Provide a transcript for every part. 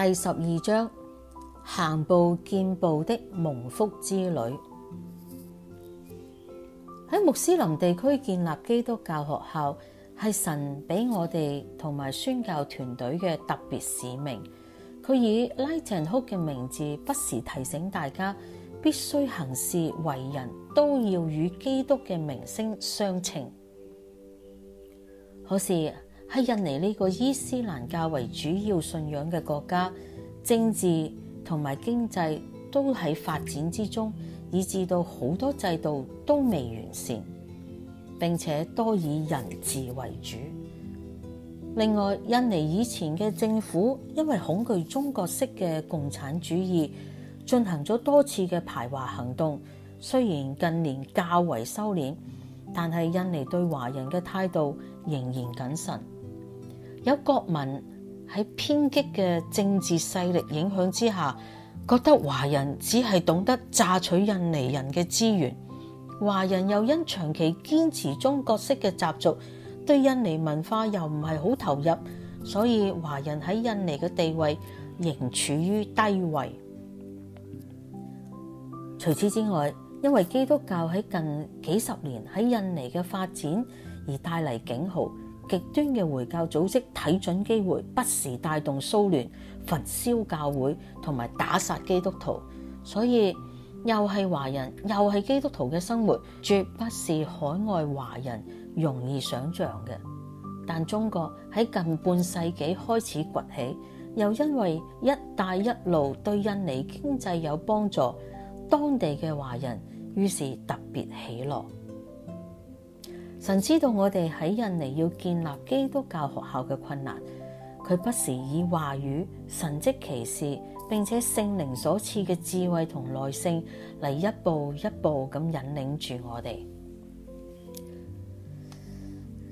第十二章，行步見步的蒙福之旅。喺穆斯林地區建立基督教學校，係神俾我哋同埋宣教團隊嘅特別使命。佢以 Light and Hope 嘅名字，不時提醒大家必須行事為人，都要與基督嘅名聲相稱。可是……喺印尼呢個伊斯蘭教為主要信仰嘅國家，政治同埋經濟都喺發展之中，以至到好多制度都未完善，並且多以人治為主。另外，印尼以前嘅政府因為恐懼中國式嘅共產主義，進行咗多次嘅排華行動。雖然近年較為收斂，但係印尼對華人嘅態度仍然謹慎。有國民喺偏激嘅政治勢力影響之下，覺得華人只係懂得榨取印尼人嘅資源。華人又因長期堅持中國式嘅習俗，對印尼文化又唔係好投入，所以華人喺印尼嘅地位仍處於低位。除此之外，因為基督教喺近幾十年喺印尼嘅發展而帶嚟警號。極端嘅回教組織睇準機會，不時帶動騷亂、焚燒教會同埋打殺基督徒，所以又係華人，又係基督徒嘅生活，絕不是海外華人容易想像嘅。但中國喺近半世紀開始崛起，又因為一帶一路對印尼經濟有幫助，當地嘅華人於是特別喜樂。神知道我哋喺印尼要建立基督教學校嘅困難，佢不時以話語、神蹟、奇事，並且聖靈所賜嘅智慧同耐性嚟，一步一步咁引領住我哋。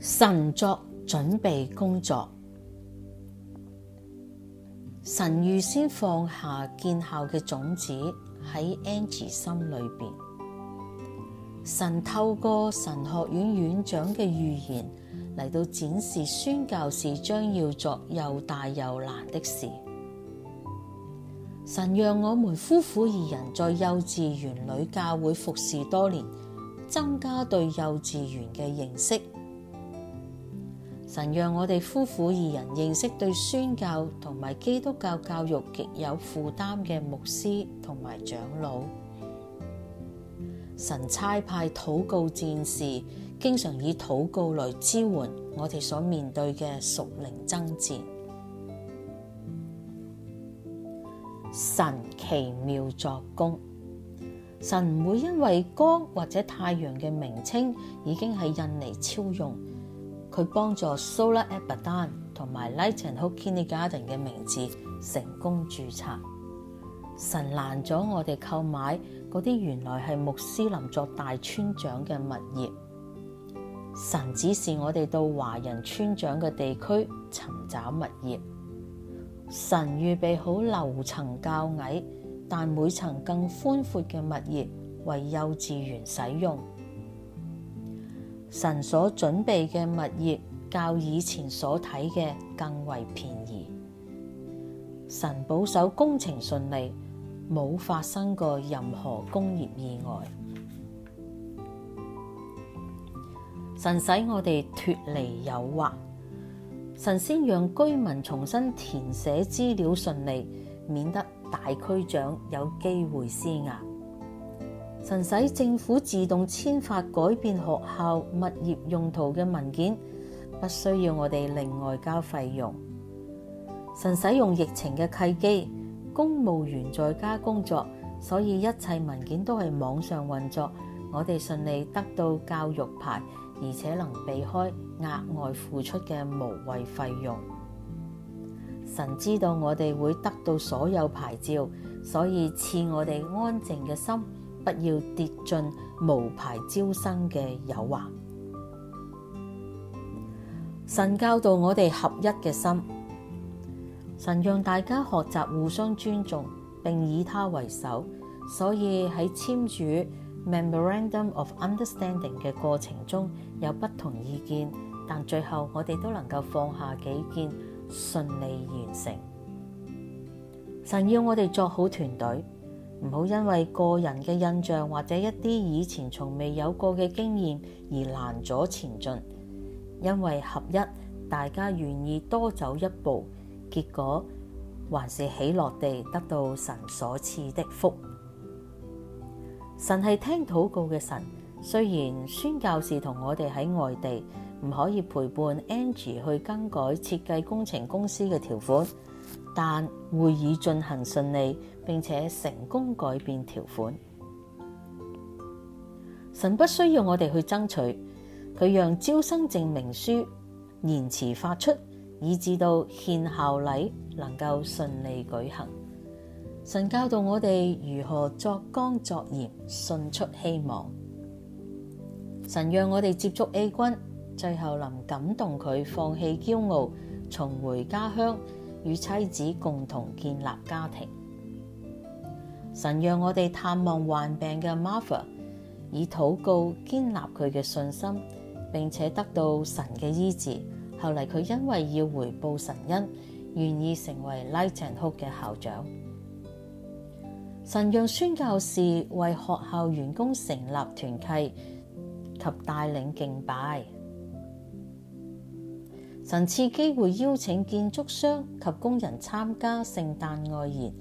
神作準備工作，神預先放下建校嘅種子喺 Angie 心裏邊。神透過神學院院長嘅預言嚟到展示宣教時將要作又大又難的事。神讓我們夫婦二人在幼稚園裏教會服侍多年，增加對幼稚園嘅認識。神讓我哋夫婦二人認識對宣教同埋基督教教育極有負擔嘅牧師同埋長老。神差派禱告戰士，經常以禱告來支援我哋所面對嘅屬靈爭戰，神奇妙作工。神唔會因為光或者太陽嘅名稱已經喺印尼超用，佢幫助 Sola Eberdan 同埋 Lighten Hope Kindergarten 嘅名字成功注冊。神攔咗我哋購買嗰啲原來係穆斯林作大村長嘅物業。神指示我哋到華人村長嘅地區尋找物業。神預備好樓層較矮，但每層更寬闊嘅物業為幼稚園使用。神所準備嘅物業較以前所睇嘅更為便宜。神保守工程順利。冇發生過任何工業意外，神使我哋脫離誘惑，神先讓居民重新填寫資料順利，免得大區長有機會施壓。神使政府自動簽發改變學校物業用途嘅文件，不需要我哋另外交費用。神使用疫情嘅契機。公務員在家工作，所以一切文件都係網上運作。我哋順利得到教育牌，而且能避開額外付出嘅無謂費用。神知道我哋會得到所有牌照，所以賜我哋安靜嘅心，不要跌進無牌招生嘅誘惑。神教導我哋合一嘅心。神讓大家學習互相尊重，並以他為首，所以喺簽署 Memorandum of Understanding 嘅過程中有不同意見，但最後我哋都能夠放下己見，順利完成。神要我哋作好團隊，唔好因為個人嘅印象或者一啲以前從未有過嘅經驗而難咗前進，因為合一，大家願意多走一步。結果還是喜樂地得到神所賜的福。神係聽禱告嘅神，雖然宣教士同我哋喺外地唔可以陪伴 Angie 去更改設計工程公司嘅條款，但會議進行順利，並且成功改變條款。神不需要我哋去爭取，佢讓招生證明書延遲發出。以至到獻效禮能夠順利舉行，神教導我哋如何作光作鹽，信出希望。神讓我哋接觸 A 君，最後能感動佢放棄驕傲，重回家鄉，與妻子共同建立家庭。神讓我哋探望患病嘅 Martha，以禱告堅立佢嘅信心，並且得到神嘅醫治。後嚟佢因為要回報神恩，願意成為 Light and Hope 嘅校長。神讓宣教士為學校員工成立團契及帶領敬拜。神次機會邀請建築商及工人參加聖誕愛宴。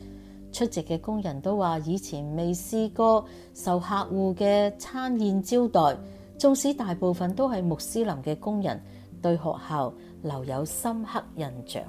出席嘅工人都話以前未試過受客戶嘅餐宴招待，縱使大部分都係穆斯林嘅工人。對學校留有深刻印象。